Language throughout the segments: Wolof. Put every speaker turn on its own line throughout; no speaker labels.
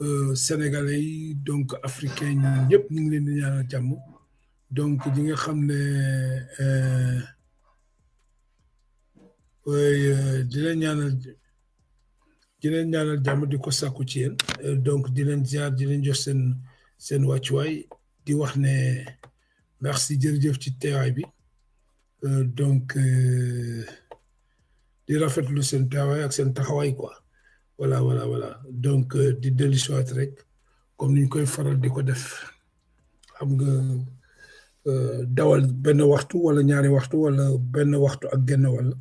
Euh, sénégalais donc africain ñi ñëpp leen di ñaanal jamm donc ñi nga xamné euh way euh, euh, di leen ñaanal di leen ñaanal jamm di ko sàkku ci yeen donc di leen ziar di leen jox sen seen wàccuwaay di wax né merci jërëjëf ci teewaay bi euh donc di rafetlu sen teewaay ak sen taxaway quoi. voilà voilà voilà donc euh, di dellu si rek comme niñ koy faral di ko def xam nga euh, dawal benn waxtu wala ñaari waxtu wala benn waxtu ak genn wala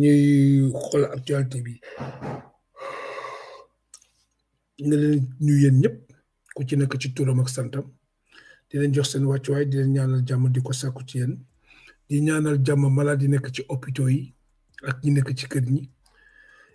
ñuy xool actualité bi nga leen ñu yéen ñëpp ku ci nekk ci turam ak santam di leen jox seen wàccuwaay di leen ñaanal jàmm di ko sàkku ci yéen di ñaanal jàmm malade yi nekk ci hôpitaux yi ak ñi nekk ci kër ñi.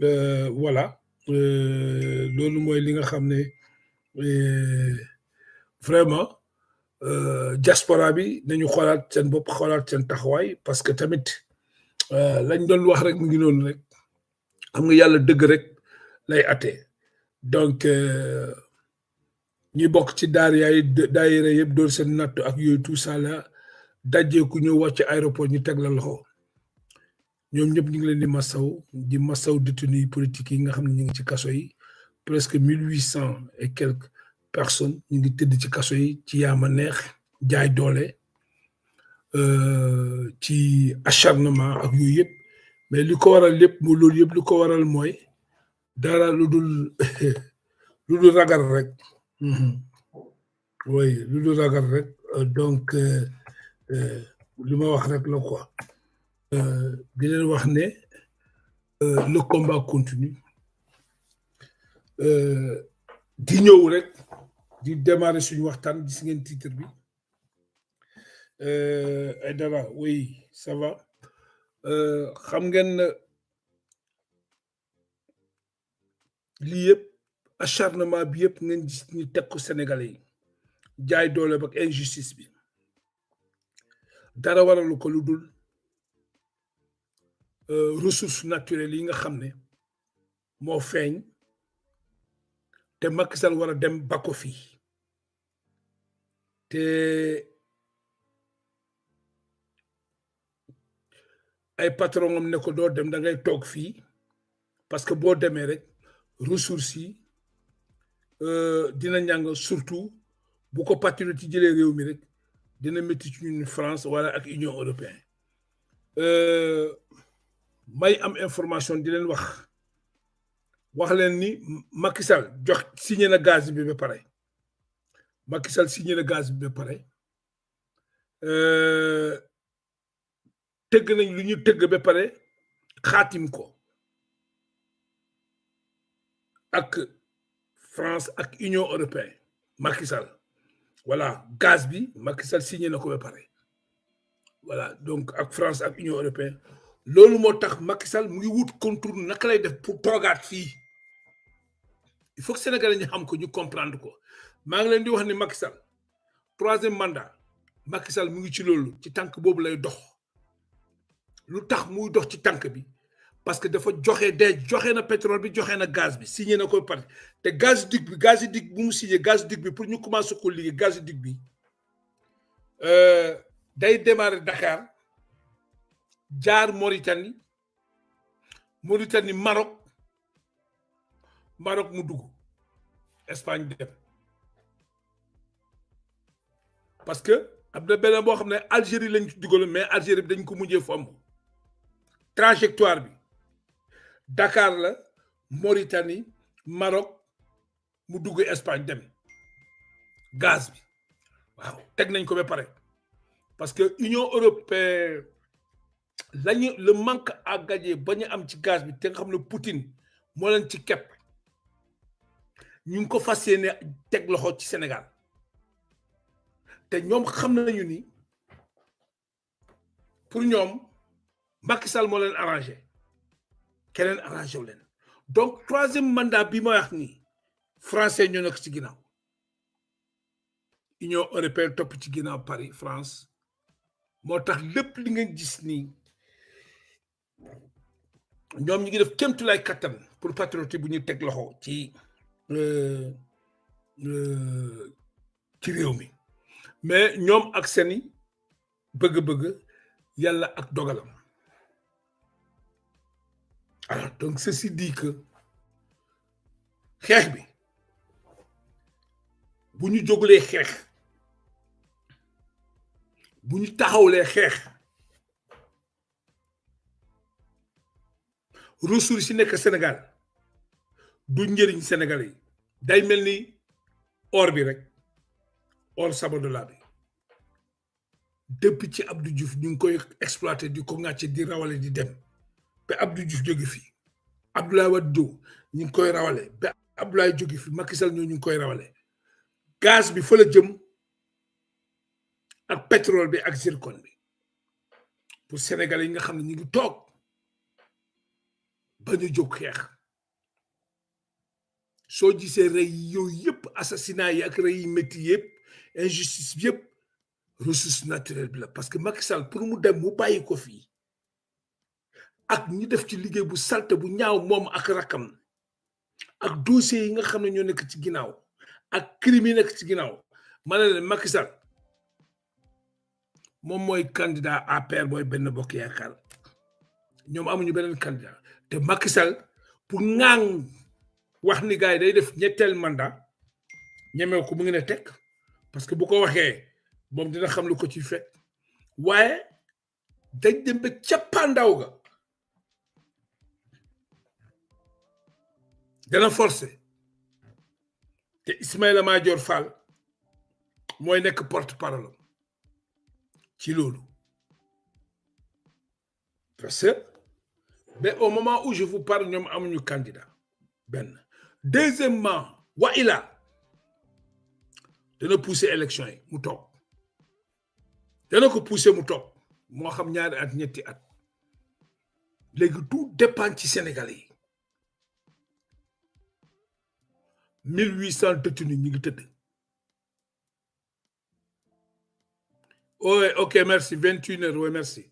Euh, voilà euh, li nga euh, vraiment diaspora bi nañu xolat sen bopp xolat sen taxway parce que tamit lañ doon donc ñi bok ci daar yaay daayira ak tout ça la ñom ñëpp ñu ngi leen di massaw di massaw détenu politique yi nga xamni ne ngi ci kasso yi presque 1800 et quelques personnes ñu ngi tëdd ci kasso yi ci yaama neex jaay doole euh ci acharnement ak yooyu yëpp mais li ko waral lépp mo lool yëpp li ko waral moy dara lu dul ragal rek mhm. oui lu dul ragal rek euh, donc euh, euh ma wax rek la quoi euh, di leen wax ne euh, le combat continue euh, di ñëw rek di démarrer suñu waxtan gis ngeen titre bi euh ay Aïdara oui ça va euh xam ngeen li yépp acharnement bi yépp ngeen gis ñu teg ko Sénégalais yi jaay doole ba ak injustice bi dara waralu ko lu dul. Euh, ressources naturelles yi nga xam ne moo feeñ te Macky Sall war a dem bako fii te ay patron am ne ko doo dem da ngay toog fii parce que boo demee rek ressources yi euh, dina ñàng surtout bu ko patriote ci jëlee réew mi rek dina métti ci ñun France wala ak Union européenne euh, may am information di len wax wax len ni Macky Sall jox signé na gaz bi be pare Macky Sall signé na gaz bi ba pare teug nañ lu ñu tëgg ba pare khatim ko ak France ak Union européenne Macky voilà gaz bi Macky Sall signé na ko be pare voilà donc ak France ak Union européenne loolu moo tax Macky mu ngi wut contour naka lay def pour toogaat fii il faut que sénégalais ñu xam ko ñu comprendre ko maa ngi leen di wax ni Macky Sall troisième mandat Macky mu ngi ci loolu ci tànk boobu lay dox lu tax muy dox ci tànk bi parce que dafa joxe de joxe na pétrole bi joxe na gaz bi signé na ko pare te gazoduc bi gazoduc bu mu signé gazoduc bi pour ñu commencé ko liggéey gazoduc bi euh, day démarrer Dakar. jaar Mauritanie Mauritanie Maroc Maroc mu dugg Espagne dem parce que Abdel na beneen boo xam ne Algérie lañ ci mais Algérie dañ ko mujjee trajectoire bi Dakar la Mauritanie Maroc mu dugg Espagne dem gaz bi waaw teg nañ ko parce que Union européenne. lañu le manque à gaje ba am ci gaz bi te nga xam ne Poutine moo leen ci kepp ñu ngi ko fas yéene teg loxo ci Sénégal te ñoom xam na nañu ni pour ñoom Macky Sall moo leen arrangé keneen arrangé wu leen donc troisième mandat bi ma wax nii français ñoo nekk ci ginnaaw Union européenne topp ci ginnaaw Paris France moo tax lépp li nga gis nii ñoom ñu ngi def kéemtulaay kattan pour patriote bu ñu teg loxo ci euh, euh, ci réew mi mais ñoom ak seeni bëgg-bëgg yàlla ak dogalam alors donc ceci dit que xeex bi bu ñu jógulee xeex bu ñu taxawlee xeex ressources si nekk Sénégal du njëriñ Sénégalais yi day mel ni or bi rek or Sabodala bi ci Abdou Diouf ñu ngi koy exploité di ko ŋàcce di rawale di dem ba Abdou Diouf jóge fi ñu ngi koy rawale ba Abdoulaye jóge fi Macky Sall ñoo ñu ngi koy rawale gaz bi fa jëm ak pétrole bi ak zircon bi pour Sénégalais yi nga xam ne ñu ngi toog. ba ñu jóg xeex soo gisee rey yooyu yëpp assassinat yi ak rey yi métti yëpp injustice bi yëpp ressource naturelle bi la parce que Macky pour mu dem mu bàyyi ko fii ak ñu def ci liggéey bu salte bu ñaaw moom ak rakam ak dossier yi nga xam ne ñoo nekk ci ginnaaw ak crime nekk ci ginnaaw ma ne leen Macky moom mooy candidat APR mooy benn bokk yaakaar ñoom amuñu beneen candidat te Macky Sall pour ŋaang wax ni gars yi day def ñetteel manda ñemew ko mu ngi ne teg parce que bu ko waxee moom dina xam lu ko ci fekk waaye dañ dem ba cappaandaw ga dana forcé te Ismaïla Madior Fall mooy nekk porte parole ci loolu parce mais au moment où je vous parle nous un candidat Ben, deuxièmement wa de nous pousser l'élection. Il y a dana ko pousser mu toog moo xam ñaari at ñetti at tout dépend du Sénégalais 1800 mille huit oui ok merci 21 heures oui merci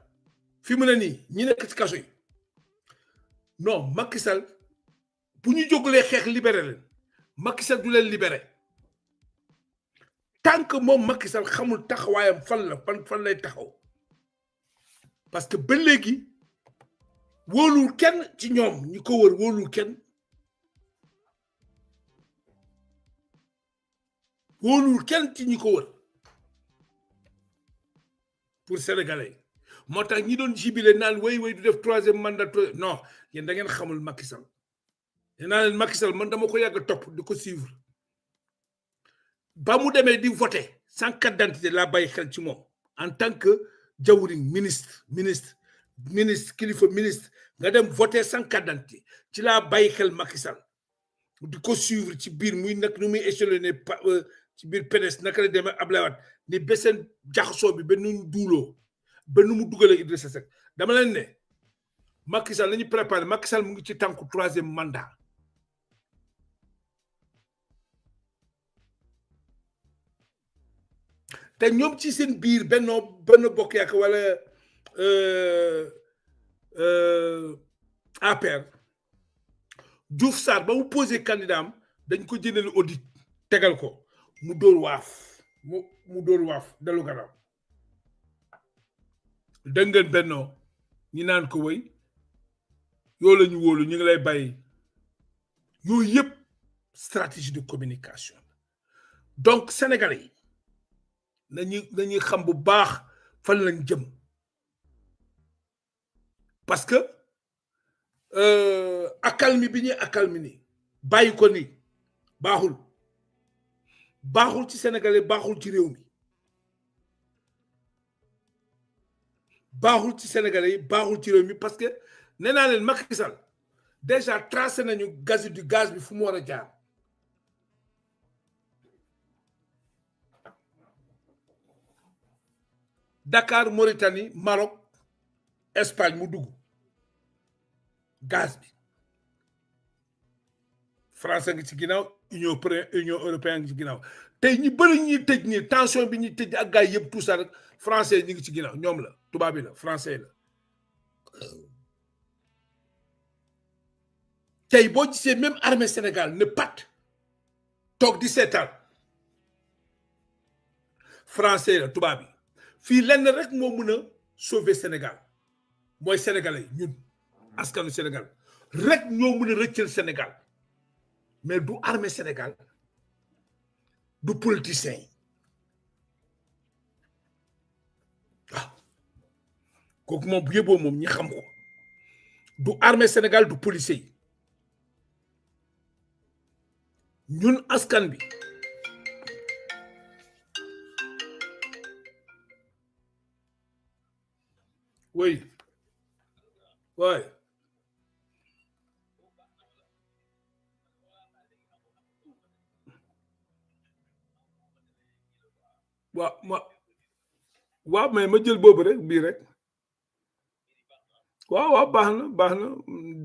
fi mu ne nii ñi nekk ci kaso yi non Macky Sall bu ñu jógulee xeex libéré leen Macky Sall du leen libéré tant moom Macky Sall xamul taxawaayam fan la fan fan lay taxaw parce que ba léegi wóolul kenn ci ñoom ñi ko wër wóolul kenn wóolul kenn ci ñi ko wër pour sénégalais moo ñi doon jibilé nan way way du def 3 troisième mandat non yéen da ngeen xamul Macky Sall nee naa Macky Sall man dama ko yàgg top di ko suivre ba mu démé di voter sans carte d'identité laa bàyyi xel ci mom en tant que jawri ministre ministre ministre kilifa ministre nga dem voter sans carte d'identité ci la baye xel Macky Sall di ko suivre ci bir muy nak nu muy échelonné euh, ci bir PDS naka la demee Ablaye ni beseen jaxso bi ba nu duuloo ba nu mu dugalee Idrissa Seck dama leen ne Macky Sall la ñu préparé mu ngi ci tànku troisième manda te ñoom ci seen biir bennoo benn bokk yàq wala euh, euh, APR Diouf Sarr ba mu posé candidat am dañ ko jëndal audit tegal ko mu dóor waaf mu mu dóor waaf dellu gannaaw Dengen beno, ñi naan ko way yo lañu wolu wóolu ñu ngi lay yo stratégie de communication donc sénégalais nañu nañuy xam bu baax fan lañ jëm parce que euh, accalmie bi ñuy accalmie ni ni baaxul baaxul ci sénégalais ci réew baaxul sénégalais yi baaxul parce que nee naa Macky Sall déjà tracé nañu gaz du gaz bi fu mu war jaar Dakar Mauritanie Maroc Espagne mu dugg gaz bi France ngi ci ginnaaw union union européenne ngi ci ginnaaw tey ñu bëri ñuy tëj tension bi ñi tëj ak gaay yeb tout ça rek français ñi ngi ci ginnaaw ñoom la tout bi français la tey c'est même armée Sénégal ne pat toog di ça. français la tubaab bi fii lenn rek moo sauver Sénégal Moi sénégalais ñun du Sénégal rek ñoo mën retirer le Sénégal mais du armée Sénégal du politicien Donc mon bu yëboo mon ñi xam ko du armée Sénégal du policier nous ñun askan bi oui waay Wa ma wa mais ma jël boobu rek rek waaw waaw baax na baax na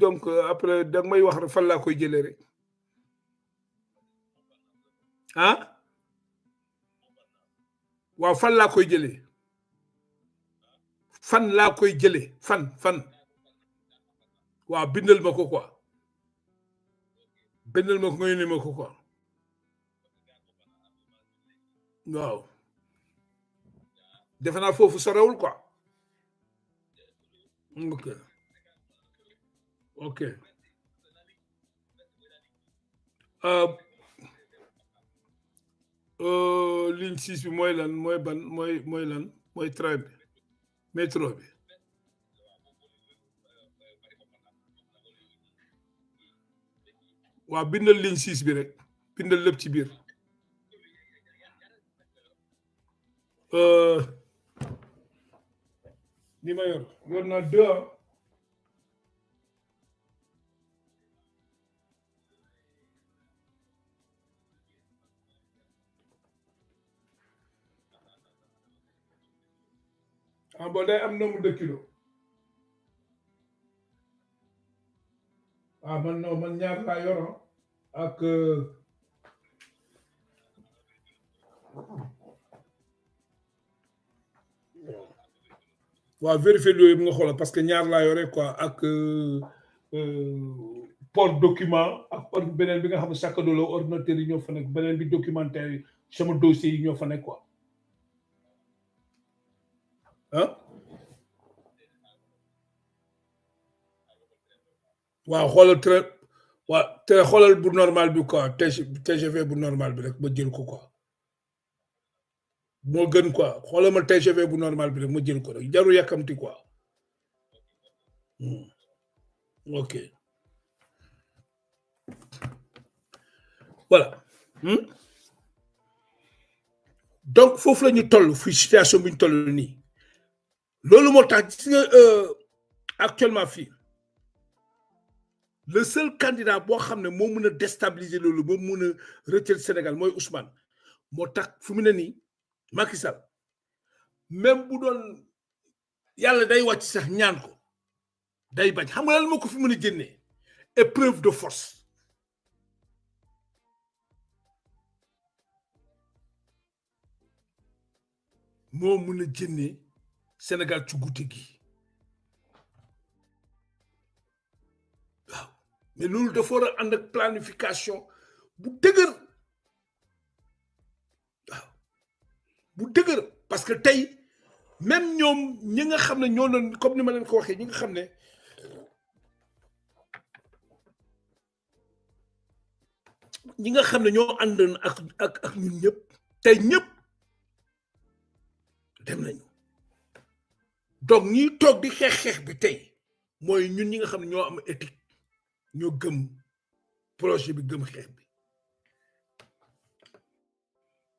donc euh, après da may wax rek fan laa koy jëlee rek ah waaw fan laa koy jëlee fan laa koy jëlee fan fan waaw bindal ma ko quoi bindal ma ko nga ma ko quoi waaw defe naa foofu sorewul quoi. Okay. Okay. Uh, uh, ligne 6 bi mooy lan Moy ban mooy mooy lan mooy train bi métro bi bindal ligne 6 bi rek bindal lépp ci biir. Uh, li ma yor yor naa deux ah bon am nombre de kilos ah, man non man ñaar laa yoroon ah, ak euh, waaw vérifier yooyu bu nga xoolal parce que ñaar laa ko ak euh, euh, port document ak beneen bi nga xam ne sac à dos yi ñoo fa nekk beneen bi documentaire yi sama dossier yi ñoo fa nekk ko ah waaw xoolal train waaw te bu normal bi quoi TGV bu normal bi rek ba jël ko ko mo gën quoi TGV bu normal bi rek jël ko rek comme quoi hmm. ok voilà hmm? donc foofu la ñu toll fi situation bi ñu toll nii loolu euh, actuellement le seul candidat boo xam ne moo déstabiliser le ba mën retirer Sénégal mooy Ousmane moo tax fu makisal Sall même bu doon yàlla day wàcc sax ñaan ko day bañ xam nga lan ma ko fi mën a jëndee épreuve de force moo mën a jëndee Sénégal ci guddi gi waaw mais loolu dafa war a ànd ak planification bu dëgër. bu dëgër parce que tey même ñoom ñi nga xam ne ñoo doon comme ni ma leen ko waxee ñi nga xam ne ñi nga xam ne ñoo àndoon ak ak ak ñun ñëpp tey ñëpp dem nañu donc ñiy toog di xeex xeex bi tey mooy ñun ñi nga xam ne ñoo am éthique ñoo gëm projet bi gëm xeex bi.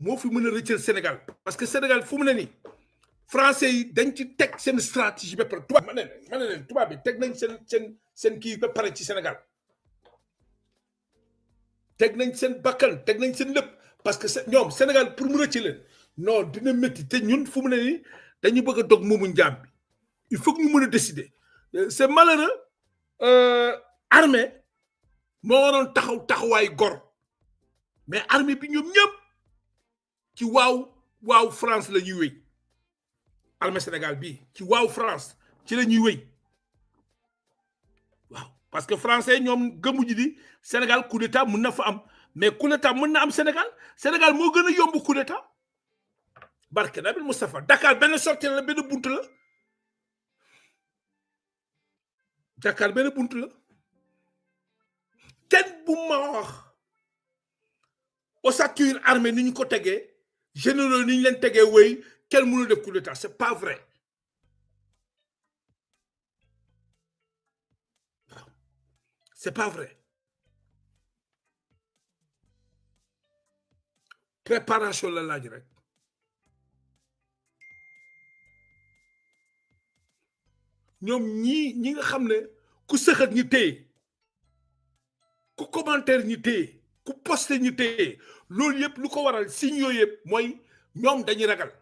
moo fi mën a rëccal Sénégal parce que Sénégal fu mu ne français yi dañ ci teg seen stratégie ba pare tubaab ma ne ma ne leen tubaab bi teg nañ seen seen seen kii ba ci Sénégal teg nañ seen bakkan teg nañ seen lépp parce que ñoom Sénégal pour mu rëcc leen non dina métti te ñun fu mu ne nii dañu bëgg dog moomu njaam bi il faut que ñu mën a décider euh, c'est malheureux euh, armée moo waroon taxaw taxawaay gor mais armée bi ñoom ñëpp. Qui waaw waaw France le ñuy wéy armée Sénégal bi ci waaw France ci la ñuy parce que français ñoom gëmuñu di Sénégal coup d'état mën fa am mais coup d'état mën am Sénégal Sénégal mo gën yomb coup d'état barke Nabil Moustapha Dakar ben sortie la ben buntu la Dakar ben buntu la kenn bu ma wax sature armée niñ ko généraux ni ñu leen tegee wéy kenn mënu def coup d'état c'est pas vrai c'est pas vrai préparation la laaj rek ñom ñi ñi nga xamné ku sëxat ñi téé ku commentaire ñi téé ku poste ñu téye loolu yépp lu waral si yépp mooy ñoom dañuy ragal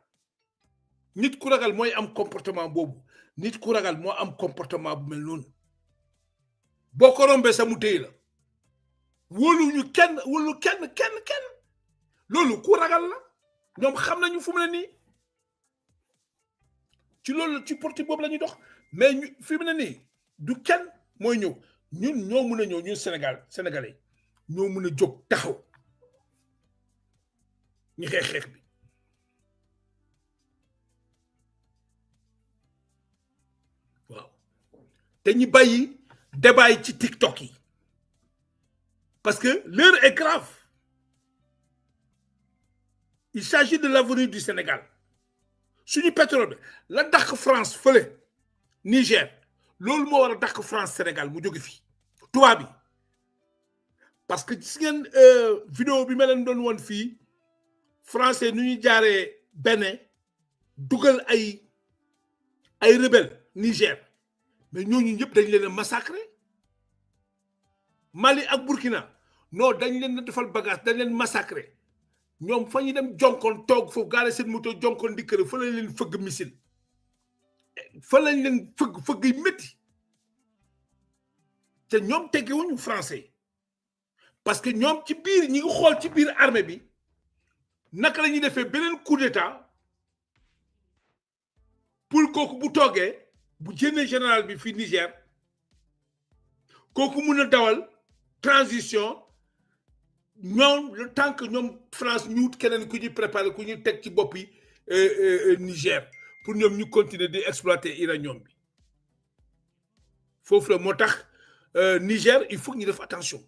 nit ku ragal comportement boobu nit ku ragal moo am comportement bu mel noonu boo sa mu téye la ñu kenn wolu kenn kenn kenn loolu ku ragal la ñoom xam nañu fu ci loolu ci la dox mais ñu du kenn mooy ñëw ñun ñoo mun a ñëw Sénégal sénégalais ñoo mën a jóg taxaw ñu xeex xeex bi waaw te ñi bàyyi débat yi ci TikTok yi parce que l'heure est grave il s'agit de l'avenir du Sénégal suñu pétrole la dàq France fële Niger loolu moo war a France Sénégal mu jóge fii tubaab bi parce que gis euh, vidéo bi ma leen doon woon fii français nu ñu jaaree Bénin dugal ay ay rebelle Niger mais ñooñu ñëpp dañ leen massacrer Mali ak Burkina non dañ leen defal bagage dañ leen massacrer ñom fa ñu dem jonkoon toog foofu gaare seen moto jonkoon di fa lañ leen fëgg missile fa lañ leen fëgg fëgg yi té ñom ñoom teggewuñu français parce que ñom ci biir ñi ngi xool ci biir armée bi naka lañu défé defee coup d'état pour koku bu toogee bu génnee général bi fi Niger koku mëna dawal transition ñom le temps que ñom France ñu kenen keneen ku ñuy préparé ku ñuy teg ci euh, euh, euh Niger pour ñom ñu continuer di exploiter uranium bi fofu la motax euh Niger il faut ñu def attention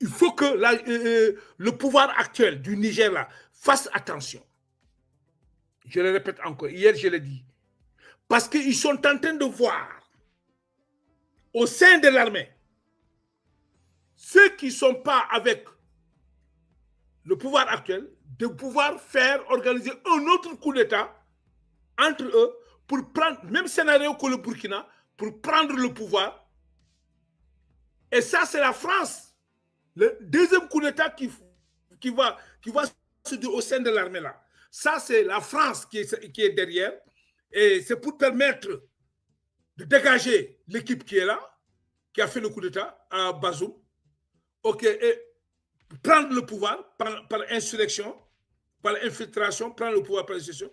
il faut que euh, euh, le pouvoir actuel du Niger là, fasse attention. Je le répète encore, hier je l'ai dit. Parce qu'ils sont en train de voir au sein de l'armée ceux qui ne sont pas avec le pouvoir actuel de pouvoir faire organiser un autre coup d'État entre eux pour prendre, même scénario que le Burkina, pour prendre le pouvoir. Et ça, c'est la France le deuxième coup d'État qui, qui, va, qui va se dire au sein de l'armée là, ça c'est la France qui est, qui est derrière et c'est pour permettre de dégager l'équipe qui est là, qui a fait le coup d'État à Bazoum, ok, et prendre le pouvoir par, par insurrection, par infiltration, prendre le pouvoir par insurrection.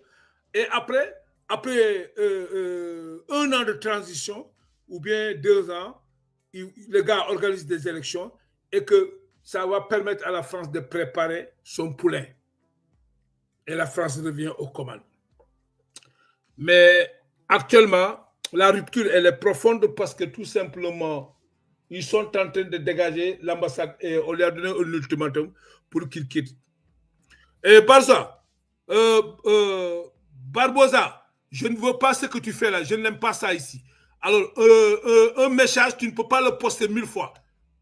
Et après, après euh, euh, un an de transition, ou bien deux ans, les gars organise des élections et que ça va permettre à la France de préparer son poulet. Et la France revient au commande Mais actuellement, la rupture, elle est profonde parce que tout simplement, ils sont en train de dégager l'ambassade et on leur a donné un ultimatum pour qu'ils quittent. Et par ça, euh, euh, Barbosa, je ne veux pas ce que tu fais là, je n'aime pas ça ici. Alors, euh, un message, tu ne peux pas le poster mille fois.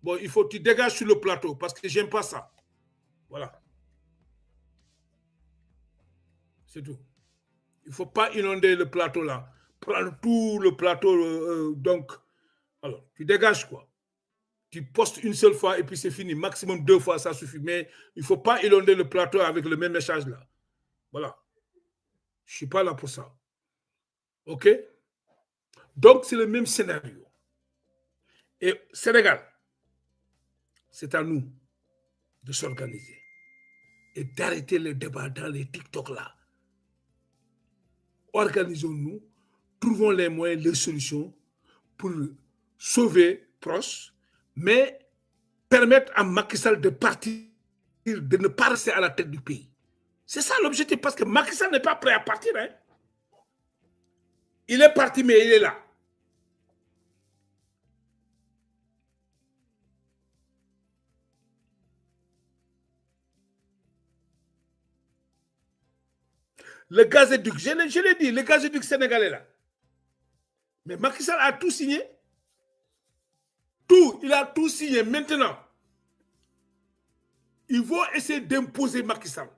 Bon, il faut que tu dégages sur le plateau parce que j'aime pas ça. Voilà. C'est tout. Il ne faut pas inonder le plateau là. Prendre tout le plateau. Euh, euh, donc, alors, tu dégages quoi. Tu postes une seule fois et puis c'est fini. Maximum deux fois, ça suffit. Mais il ne faut pas inonder le plateau avec le même message là. Voilà. Je ne suis pas là pour ça. OK Donc, c'est le même scénario. Et Sénégal, c'est à nous de s'organiser et d'arrêter le débat dans les TikTok là. Organisons-nous, trouvons les moyens, les solutions pour sauver proche, mais permettre à Macky Sall de partir, de ne pas rester à la tête du pays. C'est ça l'objectif, parce que Macky Sall n'est pas prêt à partir. Hein. Il est parti, mais il est là. le gazéduc, je, je l'ai dit, le gazéduc sénégalais là. Mais Macky Sall a tout signé. Tout, il a tout signé maintenant. Ils vont essayer d'imposer Macky Sall.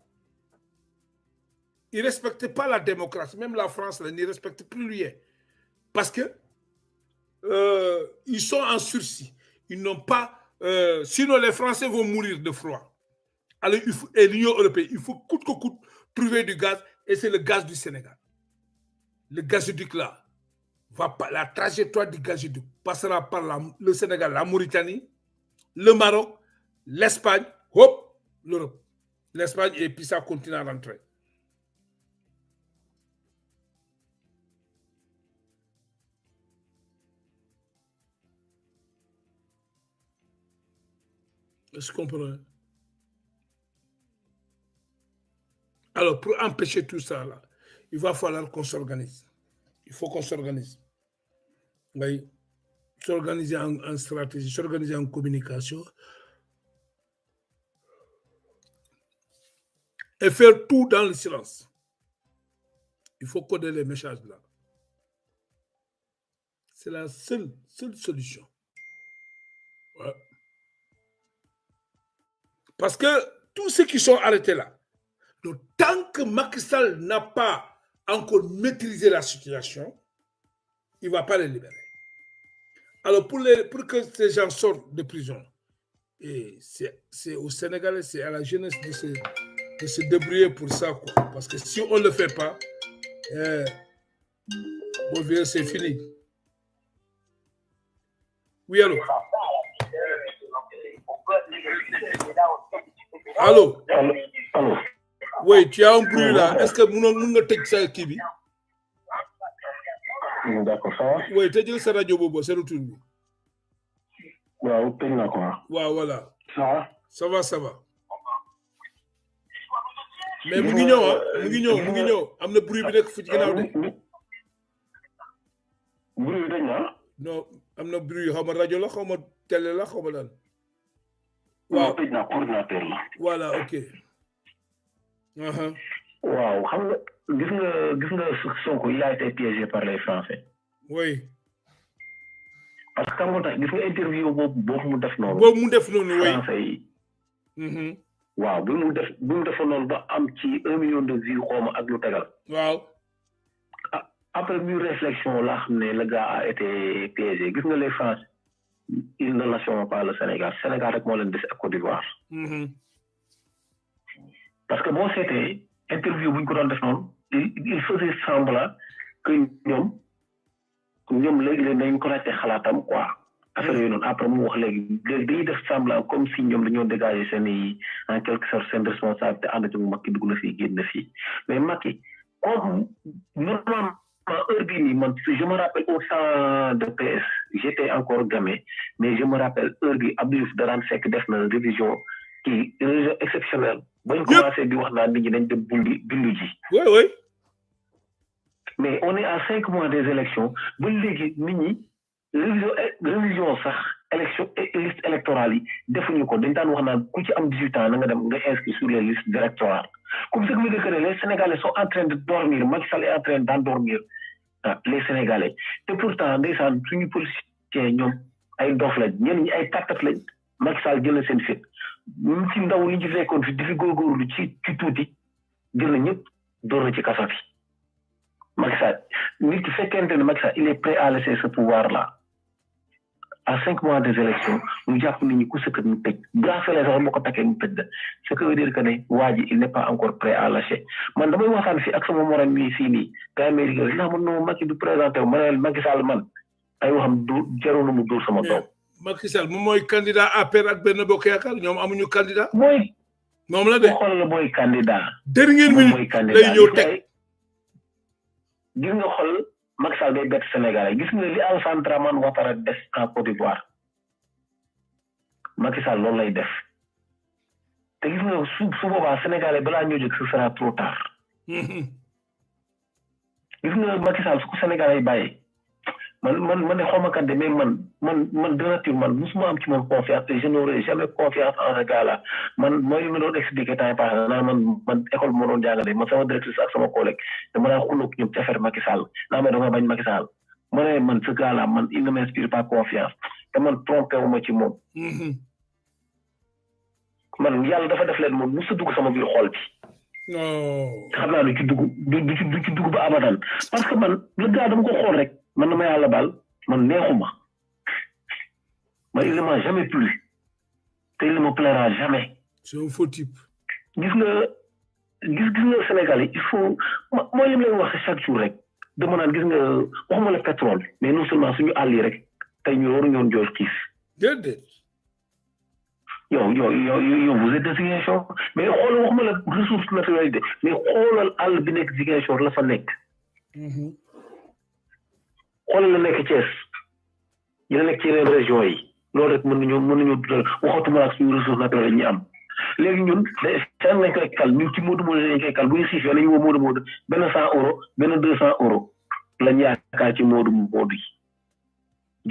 Ils ne respectent pas la démocratie. Même la France ne respecte plus rien. Parce que euh, ils sont en sursis. Ils n'ont pas... Euh, sinon, les Français vont mourir de froid. Alors, et l'Union européenne, il faut coûte que coûte trouver du gaz et c'est le gaz du Sénégal. Le gazoduc là, va la trajectoire du gazoduc passera par le Sénégal, la Mauritanie, le Maroc, l'Espagne, hop, l'Europe. L'Espagne et puis ça continue à rentrer. Est-ce qu'on peut... Alors, pour empêcher tout ça, là, il va falloir qu'on s'organise. Il faut qu'on s'organise. Oui. S'organiser en, stratégie, s'organiser en communication. Et faire tout dans le silence. Il faut coder les messages là. C'est la seule, solution. Parce que tous ceux qui sont arrêtés là, donc, tant que Macky Sall n'a pas encore maîtrisé la situation, il ne va pas les libérer. Alors, pour, les, que ces gens sortent de prison, et c'est au Sénégalais, c'est à la jeunesse de se, de se débrouiller pour ça. Parce que si on ne le fait pas, euh, bon c'est fini. Oui, allô Allô, allô. Oui, tu as un bruit là. Est-ce que nous avons un ça qui vit D'accord, ça va Oui, tu as dit radio bobo, c'est le tour. Oui, voilà. Ça va Ça va, ça va. Mm, Mais ñëw a ah. un ñëw mm, ñëw bruit bruit non radio bruit ma télé la lan.
voilà ok. Uh-huh. waaw xam nga gis nga gis nga Sonko il a été piégé par les Français. oui. parce que xam nga tax gis nga interview boobu boobu mu def noonu. boobu mu def noonu oui français yi. Uh-huh. waaw bu mu def bu mu defoon noonu ba am ci un million de vues xooma ak lu tegal. waaw. après mu réflexion laa xam ne le gars a été piégé gis nga les Français ils ne lâcheront pas le Sénégal Sénégal rek moo leen des ak Côte d'Ivoire. Uh-huh que boo seetee interview buñ ko doon def noonu il faisait semblant que ñoom ñoom léegi leen dañ ko laajte xalaatam quoi affaire yooyu noonu après mu wax léegi léegi dañuy def semblant comme si ñoom dañoo dégager seen i en quelque sorte seen responsabilité ànd ci mu Macky dugg na fii génn na fii mais Macky on normalement heure bii nii man je me rappelle au temps de PS j'étais encore gamé mais je me rappelle heure bi Abdou Diouf daraan fekk def na révision kii révision exceptionnelle buñ commencé di wax naan nit ñi dañ dem bindi bindu ji. oui oui. mais on est à cinq mois des élections ba léegi nit ñi religion eh, révision sax élection eh, liste électorale yi defuñu ko dañ daan wax naan ku ci am 18 ans na nga dem nga inscrit sur les listes électorales comme ce qui veut dire les Sénégalais sont en train de dormir Macky Sall est en train d'endormir ah, les Sénégalais te pourtant ndeysaan suñu politiciens ñoom ay dof lañ ñenn ñi ay kàttat lañ Macky Sall jël na seen fit ñun ci ndaw li ci fekkoon fi di fi góorgóorlu ci ci tuuti jël na ñëpp door na ci kaso bi Macky Sall nit ki fekkente ne Macky Sall il est prêt à laisser ce pouvoir là à cinq mois des élections ñu jàpp nit ñi ku sëkkat ñu tëj bracelet sax moo ko takkee ñu tëj da ce que veut dire que ne waa ji il n'est pas encore prêt à lâcher man damay waxtaan fii ak sama morom mi fii nii gars yi dinaa mën noo Macky du présenté wu ma ne Macky Sall man ay waxam du jaroon na mu dóor sama doom
Macky Sall moom mooy candidat APR ak benn bokk yaakaar ñoom amuñu candidat.
mooy. moom la de xool la mooy candidat. dernière minute lay ñëw teg. gis nga xool Macky Sall day bett Sénégal gis nga li Alassane Dramane Ouattara def en Côte d'Ivoire Macky Sall lay def te gis nga su su boobaa Sénégalais balaa ñoo jóg ce sera trop tard. gis nga Macky Sall su ko man man man ne xaw ma kat de mais man man man de nature man musuma am ci moom confiance te je n'aurais jamais confiance en ce gars man mooy li ma doon expliqué temps passé naa man man école bi ma doon jàngale man sama directrice ak sama collègue dama daan xulóog ñoom ci affaire Macky Sall naa ma dama bañ Macky Sall ma ne man ce gars là man il pas confiance te man trompé wu ma ci moom. Mm-hmm. man yàlla dafa def leen moom musa dugg sama biir xol bi. non oh. xam naa du ci dugg du ci dugg ba abadan parce que man le gars dama ko xool rek. man na ma yàlla bal man neexuma ma il ne m'a jamais plu te il ne plaira jamais. c'est un faux type. gis nga gis gis nga Sénégal yi il faut mooy lim lay leen wax chaque jour rek dama naan gis nga waxuma la pétrole mais non seulement suñu àll yi rek tey ñu waruñu woon jooy xiif. déedéet. yow yow yow yow vous êtes de Ziguinchor mais xoolal waxuma la ressource naturelle de mais xoolal àll bi nekk Ziguinchor la fa nekk. Mm-hmm. xoolal la nekk Thiès yi la nekk ci yeneen région loolu rek mën nañoo mën nañoo dundal waxatuma ak suñu ressources naturelles ñuy am léegi ñun seen lañ koy kal ñun ci Modou Modou lañ koy kal bu ñu siifee nañu woo benn cent euro benn deux cent euro lañ yaakaar ci Modou Modou yi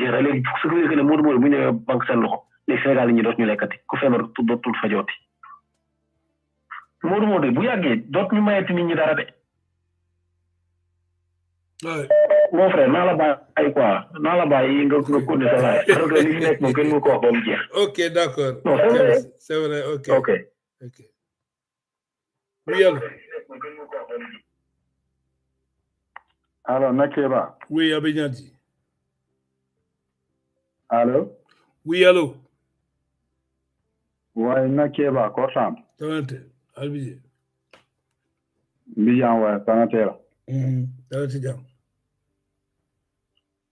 jërëjëf léegi su ko yëgee ne Modou Modou bu ñu ñëwee banque seen loxo léegi Sénégal yi ñu doot ñu lekkati ku feebar dootul fajooti Modou Modou bu yàggee doot ñu mayati nit ñi dara de. mon frère naa la nga nga continuer sa laaj alors que li fi nekk moom kenn mu ko wax ba mu jeex.
ok d' accord. non c' est vrai c' est vrai
ok allo. allo Mbijan waaye tanate la. tanate jàmm.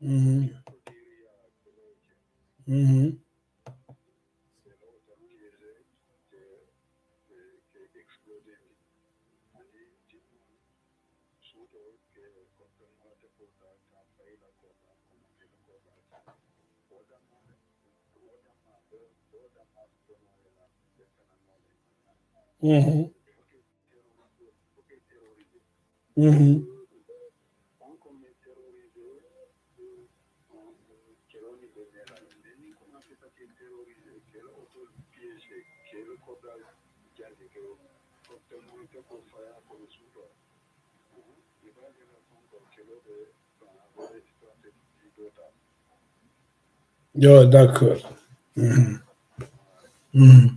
Uhum. Uhum. Uhum. Uhum.
d'accord. Mm-hmm. Mm-hmm.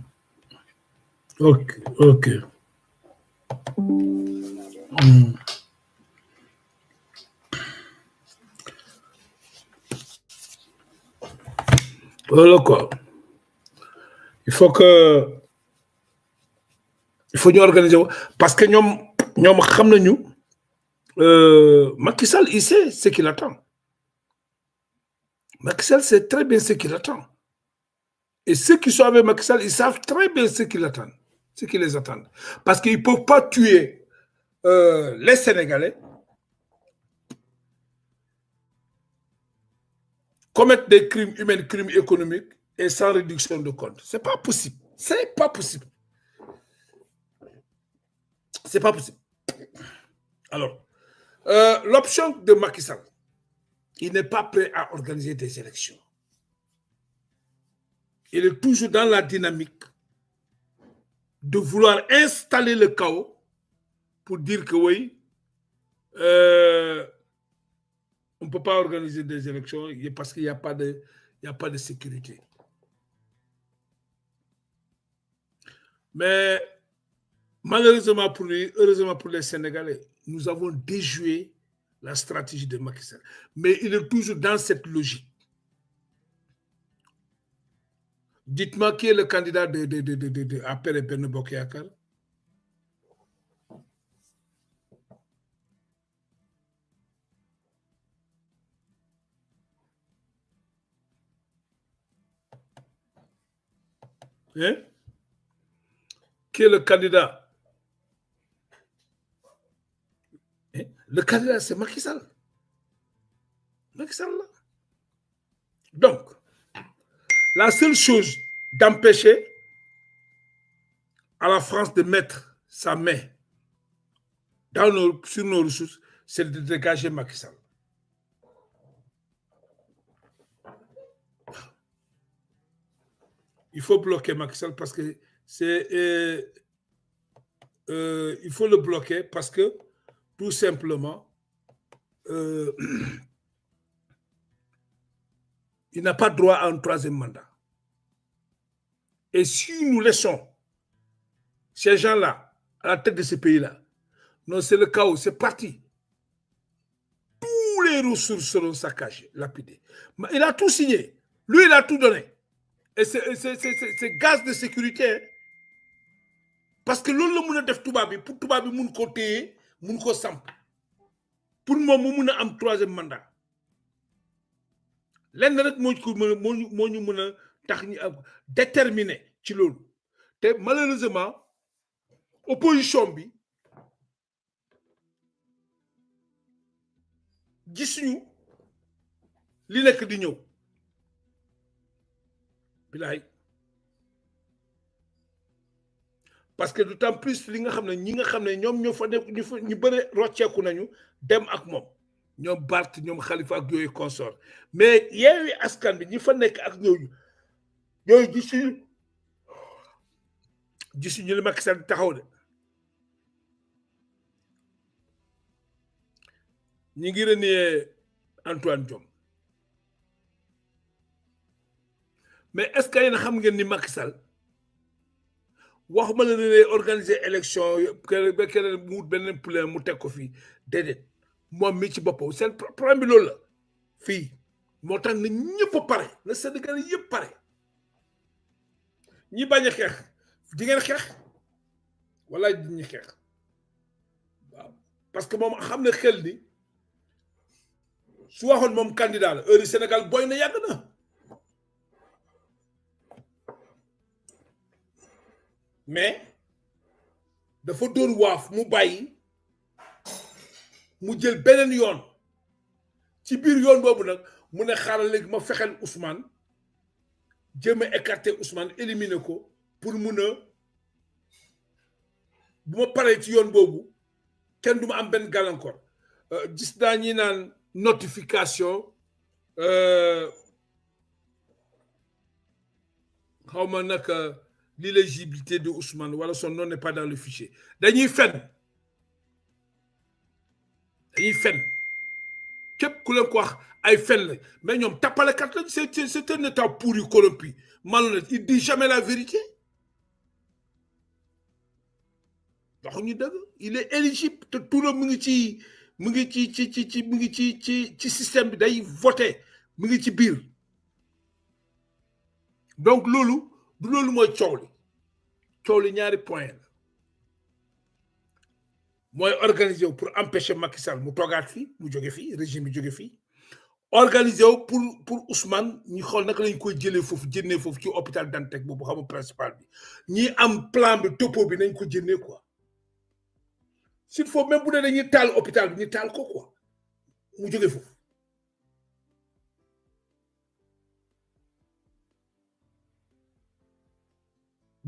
Ok. ok. Mm-hmm. quoi. Il faut que. Il faut nous organiser. Parce que nous, nous nous euh, Macky Sall, il sait ce qu'il attend. Macky Sall sait très bien ce qu'il attend. Et ceux qui sont avec Macky Sall, ils savent très bien ce qu'ils attendent, ce qui les attend. Parce qu'ils ne peuvent pas tuer euh, les Sénégalais, commettre des crimes humains, crimes économiques, et sans réduction de compte. Ce n'est pas possible. Ce n'est pas possible. Ce n'est pas possible. Alors, euh, l'option de Macky Sall, il n'est pas prêt à organiser des élections. Il est toujours dans la dynamique de vouloir installer le chaos pour dire que oui, euh, on ne peut pas organiser des élections parce qu'il n'y a, pas de, a pas de sécurité. Mais malheureusement pour nous, heureusement pour les Sénégalais, nous avons déjoué la stratégie de Macky Mais il est toujours dans cette logique. Dites-moi qui est le candidat de, de, de, de, de et Hein? Qui est le candidat le candidat, c'est Macky Sall. Macky Sall, Donc, la seule chose d'empêcher à la France de mettre sa main dans sur nos ressources, c'est de dégager Macky Sall. Il faut bloquer Macky Sall parce que c'est... Euh, euh, il faut le bloquer parce que tout simplement, euh, il n'a pas droit à un troisième mandat. Et si nous laissons ces gens-là à la tête de ce pays-là, non, c'est le chaos, c'est parti. Tous les ressources seront saccagées, lapidées. Mais il a tout signé. Lui, il a tout donné. Et c'est gaz de sécurité. Hein. Parce que l'on le monde de Pour pour le monde côté, mun ko samp pour moom mu meuna a am troisième mandat lenn rek mo ko mën ñu mën tax ñu euh, déterminer ci lolu té malheureusement opposition bi gisuñu li nekk di ñew bilaay parce que d'autant plus li nga xam ne ñi nga xam ne ñoom ñoo fa nekk ñu fa ñu bëre rocceeku nañu dem ak moom ñoom Bart ñoom xalifa ak yooyu consort mais yeewi askan bi ñi fa nekk ak ñëw ñooyu gisuñu gisuñu li Macky Sall di taxaw de ñi ngi renier Antoine Diome mais est-ce que yéen xam ngeen ni Macky wax ma la ne lay organiser élection keneen ba keneen mu wut plein mu teg ko fii déedéet moom mi ci boppam seen problème bi loolu la fii moo tax na ñëpp pare na Sénégal yëpp pare ñi bañ a xeex di ngeen xeex wala di ñi xeex waaw parce que moom xam na xel ni su waxoon moom candidat la heure yi Sénégal boy na yàgg na. mais dafa dóor waaf mu bàyyi mu jël beneen yoon ci biir yoon boobu nag mu ne xaaral léegi ma fexeel Ousmane jéem a écarter Ousmane éliminer ko pour mun a bu ma paree ci yoon boobu kenn dum ma am benn gàllankoor euh, gis naa ñi naan notification euh, xaw ma naka l'éligibilité de Ousmane voilà son nom n'est pas dans le fichier dañuy fen dañuy fen képp ku ko fait ay fen Mais mais pas la c'est c'est un état pourri corrompu malhonnête il dit jamais la vérité il est éligible Tout le monde système donc du loolu mooy coow li ñaari point la mooy organiser pour empêcher Macky Sall mu toogaat fii mu jóge fii régime bi jóge fii organiser pour pour Ousmane ñu xool naka lañ koy jëlee foofu jëndee foofu ci hôpital Dantec boobu xamu principal bi ñi am plan bi topo bi nañ ko jëndee quoi il faut même bu dee dañuy taal hôpital bi ñu taal ko quoi mu jóge foofu.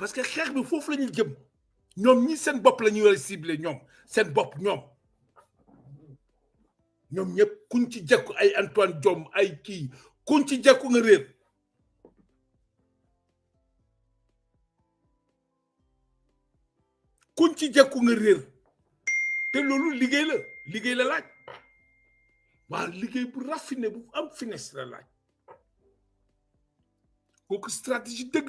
parce que xex bi foofu la jëm ñom ñi seen bop la wër cible ñom seen bop ñom ñom ñep kuñ ci ay Antoine Diom, ay ki kuñ ci jekku nga kuñ ci jekku nga reer té loolu liggéey la la laaj bu raffiné la stratégie dëgg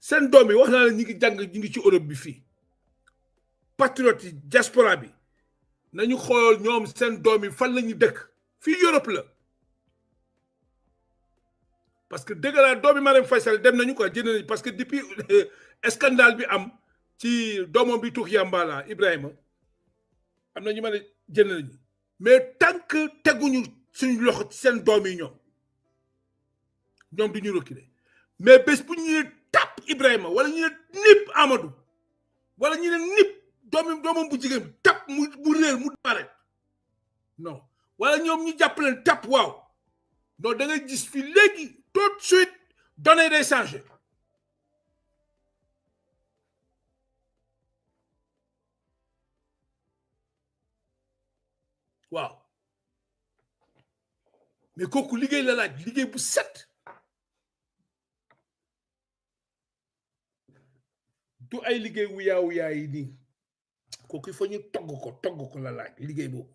sen domi wax naa la ñu ngi jàng ñu ngi ci Europe bi fi patriote diaspora bi nañu xool ñoom sen domi yi fan la dëkk fi Europe la parce que dëgg laa doomi Marième Faye dem nañu ko jëne parce que depuis euh, scandale bi am ci doomam bi tuux yambala Ibrahima am nañu ñu ma ne nañu mais tant que teguñu suñu loxo ci sen domi yi ñoom ñoom du ñu reculer mais bés bu ñu Ibrahima wala ñu ne nipp Amadou wala ñu ne nipp doomi doomam bu jigéen tap mu mu mu paré non wala ñom ñu jàppaleen tap waaw non da nga gis fi légui tout de suite données des changé waaw mais kooku liggéey la laaj liggéey bu set du ay liggéey wuyaa wuyaa yi nii kooku il ñu togg ko togg ko la laaj liggéey boobu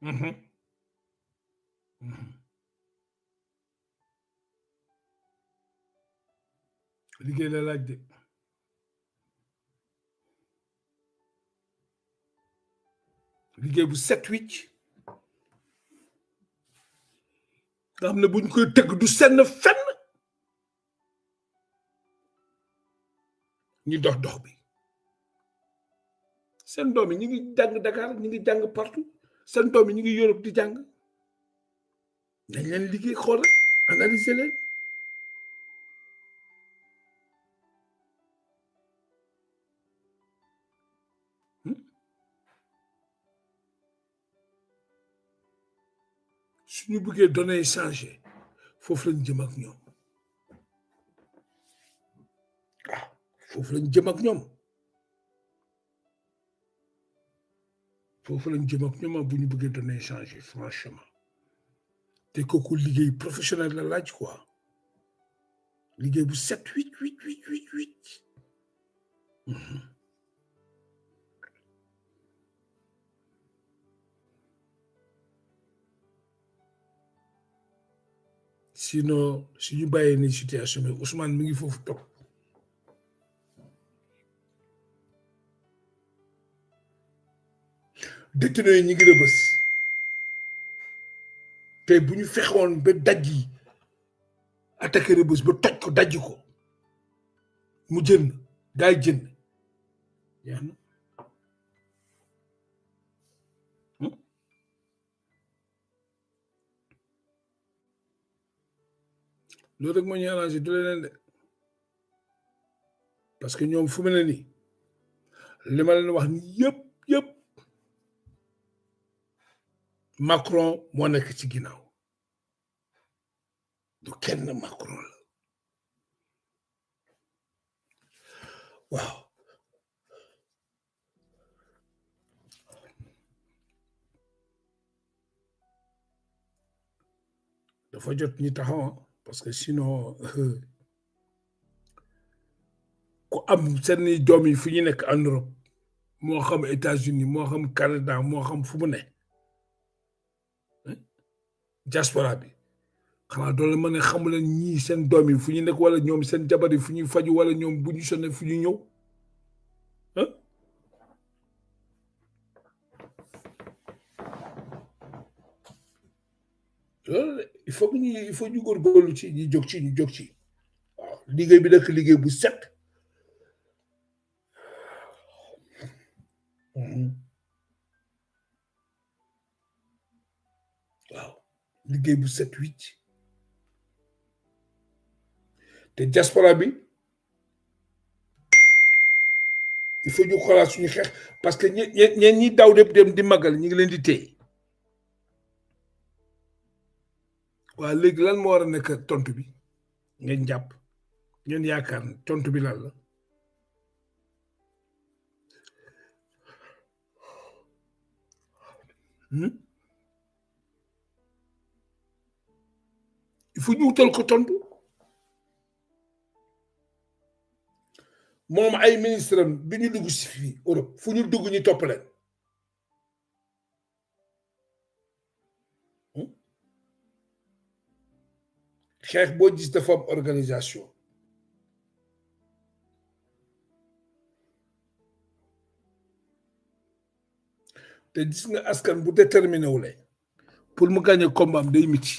mm-hmm. Mm-hmm.
liggéey la laaj de liggéey bu set wicc nga xam ne buñ koy tëgg du senn fenn ñu dox dox bi seen doom yi ñu ngi jàng Dakar ñi ngi jàng partout seen doom yi ñu ngi Europe di jàng nañ leen liggéey xool rek analyser leen suñu bëggé donné changer fofu lañu jëm ak ñom ah, fofu lañu jëm ak ñom fofu lañu jëm ak ñom buñu bëggé donné changer franchement té ko ko liggéey professionnel la laaj quoi liggéey 7 8 8 8 8 8 sinon su ñu bàyyee ni situation bi Ousmane mi ngi foofu toog détenu yi ñu ngi rëbës te bu ñu fexewoon ba daj yi attaqué rëbës ba toj ko daj ko mu jënd gaay jënd yaa loolu rek moo ñuy arrangé du leneen de parce que ñoom fu mu ne nii li ma leen wax ni yëpp yëpp Macron moo nekk ci ginnaaw du kenn Macron la waaw dafa jot ñi taxaw ah. parce que sinon ku am seen i yi fu ñu nekk en moo xam États-Unis moo xam Canada moo xam fu mu ne diaspora bi xanaa doole ma ne xamu ñii seen doom yi fu ñu nekk wala ñoom seen jabar yi fu ñuy faju wala ñoom bu ñu sonné fu ñu ñëw loolu il faut que il faut nous ci ni jog ci ni jog ci liguey bi liguey bu set waaw bu diaspora il faut ñu nous mhm. suñu xex parce que ñe ñi daw dem dem di magal ñi ngi di waa léegi lan moo war a nekk tontu bi ngeen jàpp ngeen yaakaar tontu bi lan la hmm? il faut ñu wutal tontu moom ay ministre bi ñu dugg si fii Europe fu ñu dugg ñu topp xeex boo gis dafa am organisation te gis nga askan bu déterminé wu lay pour mu gagné combat am day miti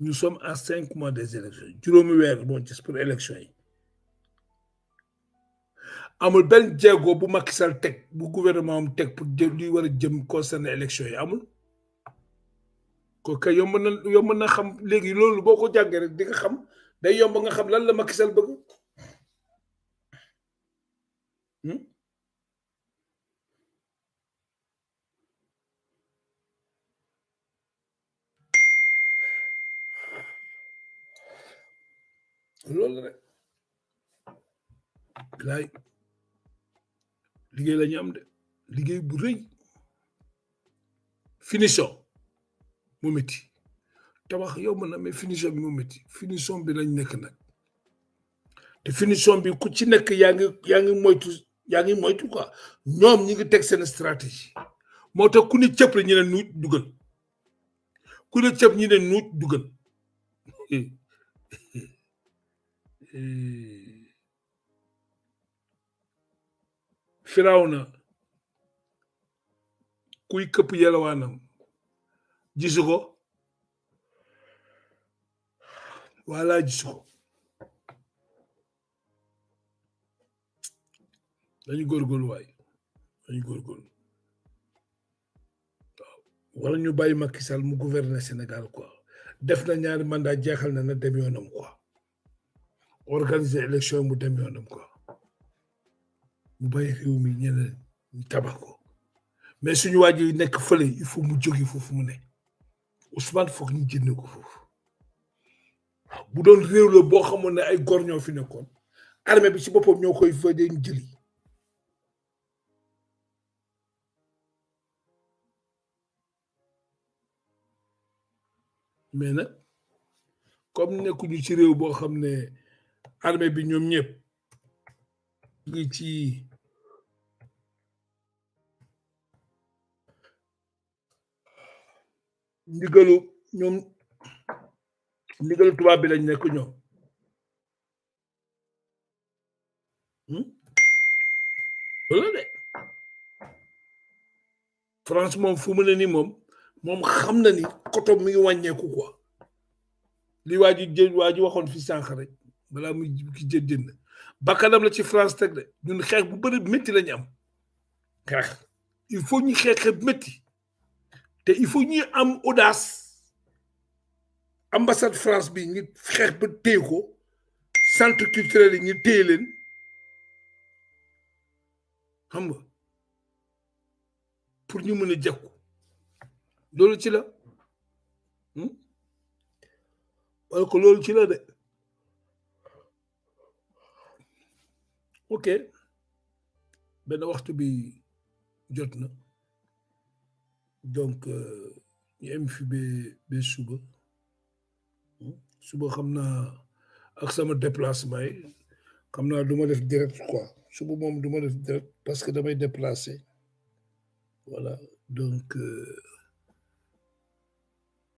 nous sommes à cinq mois des élections juróomi weer bon gis pour élection yi amul benn jéego bu Macky Sall teg bu gouvernement am teg pour luy war a jëm concerné élection yi amul ko kay yomb na xam léegi loolu boo ko jàngee rek di nga xam day yomb nga xam lan la Macky Sall hmm? loolu rek. liggéey la ñu am de liggéey bu rëy finition mu métti tabax yow mën na mais finition bi mu métti finition bi lañ nekk nag te finition bi ku ci nekk yaa ngi yaa ngi moytu yaa ngi moytu quoi ñoom ñi ngi teg seen stratégie moo tax ku ne cëpp la ñu ne nuut dugal ne cëpp ñi ne nuut dugal na kuy këpp yelawaanam gisu ko wala gisu ko dañu góorgóorlu waay dañu góorgóorlu waaw wala ñu bàyyi Macky mu gouverner senegal quoi def na ñaari mandat jeexal na na dem yoonam quoi organiser élection mu dem yoonam quoi mu bay réew mi ñeneen ñu mais suñu waa ji nekk fële il faut mu jóge foofu mu ne Ousmane foog ñu jënd ko foofu waaw bu doon réew boo xamoon ne ay góor ñoo fi nekkoon armée bi ci boppam ñoo koy fa dee jëli mais nag comme nekkuñu ci réew boo xam ne armée bi ñoom ñëpp. ngi ci ndigalu ñoom ndigalu tubaab bi lañ nekk ñoom hmm? loolu de France moom fu mu ni moom moom xam na ni koto mi ngi wàññeeku quoi li waa ji jë waa ji waxoon fi sànq rek balaa muy ki jëjjën bakalam la ci France teg de ñun xeex bu bëri métti la ñu am xeex il faut ñu xeex xeex métti te il faut ñuy am audace ambassade France bi ñu xeex ba téye ko centre culturel yi ñu téye leen xam nga pour ñu mën a jàkku loolu ci la hmm? wala ko loolu ci la de. ok ben waxtu bi donc euh, ñu am fi ba suba hmm? suba xamna ak sama déplacement yi def direct suba mom duma def direct parce que damay déplacé voilà donc. Euh,